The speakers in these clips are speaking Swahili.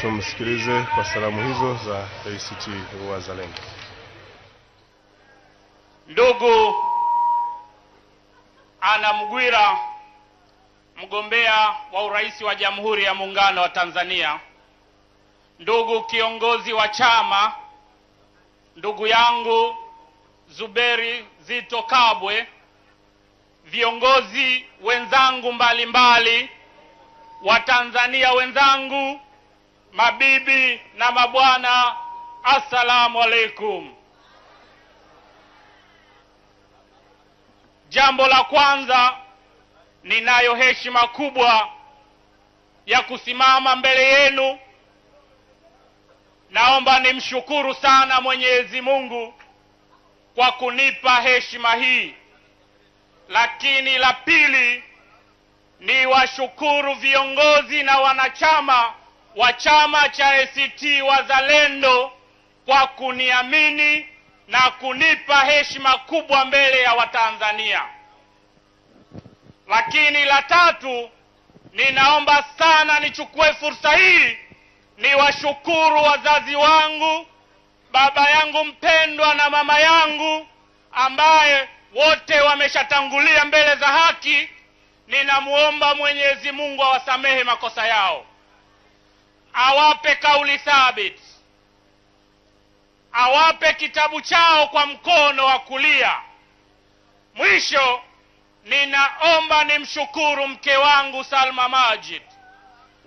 tumsikilize kwa salamu hizo za ACT Wazalendo. Ndugu Anna Mghwira, mgombea wa urais wa Jamhuri ya Muungano wa Tanzania, ndugu kiongozi wa chama, ndugu yangu Zuberi Zito Kabwe, viongozi wenzangu mbalimbali, Watanzania wenzangu mabibi na mabwana, assalamu alaikum. Jambo la kwanza, ninayo heshima kubwa ya kusimama mbele yenu. Naomba nimshukuru sana Mwenyezi Mungu kwa kunipa heshima hii, lakini la pili, niwashukuru viongozi na wanachama wa chama cha ACT Wazalendo kwa kuniamini na kunipa heshima kubwa mbele ya Watanzania. Lakini la tatu, ninaomba sana nichukue fursa hii niwashukuru wazazi wangu, baba yangu mpendwa na mama yangu, ambaye wote wameshatangulia mbele za haki. Ninamwomba Mwenyezi Mungu awasamehe makosa yao awape kauli thabit, awape kitabu chao kwa mkono wa kulia. Mwisho, ninaomba nimshukuru mke wangu Salma Majid,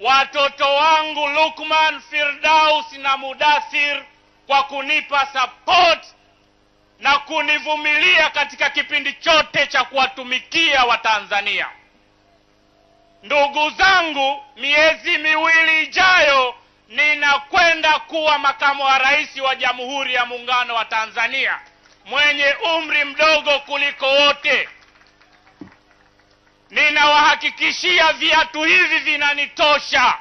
watoto wangu Lukman, Firdaus na Mudathir kwa kunipa support na kunivumilia katika kipindi chote cha kuwatumikia Watanzania. Ndugu zangu, miezi miwili ijayo ninakwenda kuwa makamu wa rais wa Jamhuri ya Muungano wa Tanzania mwenye umri mdogo kuliko wote. Ninawahakikishia viatu hivi vinanitosha.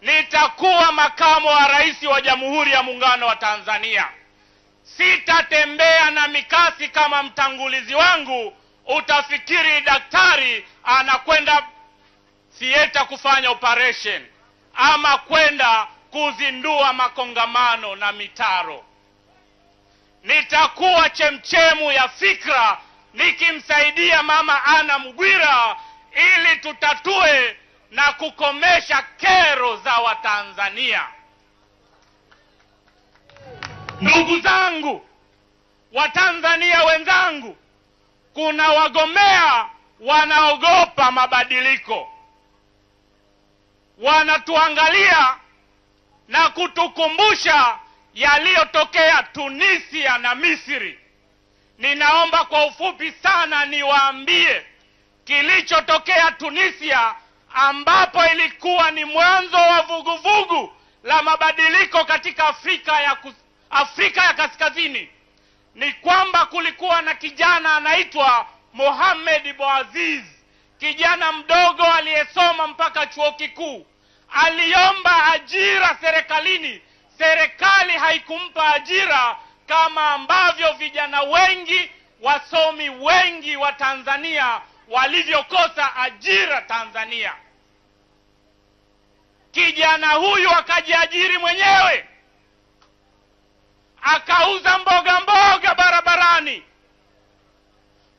Nitakuwa makamu wa rais wa Jamhuri ya Muungano wa Tanzania. Sitatembea na mikasi kama mtangulizi wangu, utafikiri daktari anakwenda theater kufanya operation ama kwenda kuzindua makongamano na mitaro. Nitakuwa chemchemu ya fikra nikimsaidia Mama Anna mgwira ili tutatue na kukomesha kero za Watanzania. Ndugu zangu, Watanzania wenzangu, kuna wagomea wanaogopa mabadiliko wanatuangalia na kutukumbusha yaliyotokea Tunisia na Misri. Ninaomba kwa ufupi sana niwaambie kilichotokea Tunisia, ambapo ilikuwa ni mwanzo wa vuguvugu la mabadiliko katika Afrika ya, kus, Afrika ya Kaskazini, ni kwamba kulikuwa na kijana anaitwa Mohamed Bouaziz, kijana mdogo aliyesoma mpaka chuo kikuu, aliomba ajira serikalini, serikali haikumpa ajira, kama ambavyo vijana wengi wasomi wengi wa Tanzania walivyokosa ajira Tanzania. Kijana huyu akajiajiri mwenyewe, akauza mboga mboga barabarani.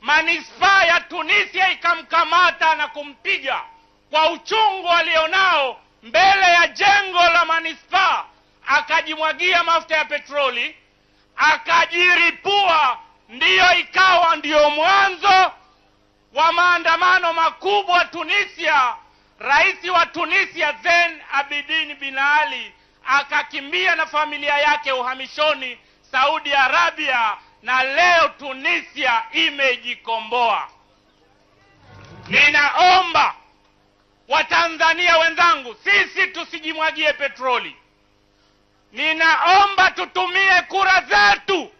Manispaa ya Tunisia ikamkamata na kumpiga kwa uchungu alionao mbele ya jengo la manispaa, akajimwagia mafuta ya petroli, akajiripua. Ndiyo ikawa ndiyo mwanzo wa maandamano makubwa Tunisia. Rais wa Tunisia zen Abidin Bin Ali akakimbia na familia yake uhamishoni Saudi Arabia, na leo Tunisia imejikomboa. Ninaomba Watanzania wenzangu, sisi tusijimwagie petroli. Ninaomba tutumie kura zetu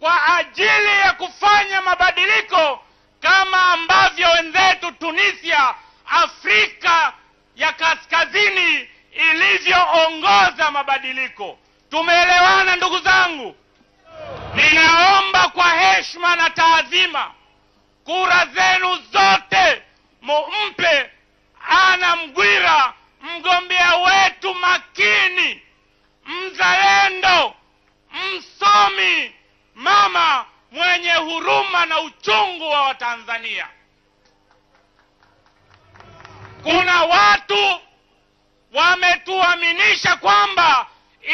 kwa ajili ya kufanya mabadiliko kama ambavyo wenzetu Tunisia, Afrika ya Kaskazini ilivyoongoza mabadiliko. Tumeelewana ndugu zangu? Ninaomba kwa heshima na taadhima kura zenu huruma na uchungu wa Watanzania. Kuna watu wametuaminisha kwamba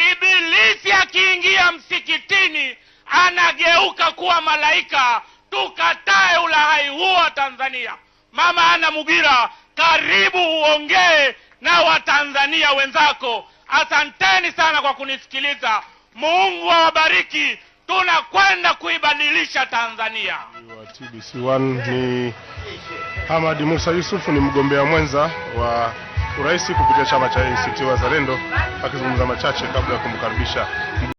ibilisi akiingia msikitini anageuka kuwa malaika. Tukatae ulahai huo wa Tanzania. Mama Ana Mubira, karibu uongee na Watanzania wenzako. Asanteni sana kwa kunisikiliza. Mungu awabariki tunakwenda kuibadilisha Tanzania. wa TBC1 ni Hamad Musa Yusuf, ni mgombea mwenza wa urais kupitia chama cha ACT Wazalendo, akizungumza machache kabla ya kumkaribisha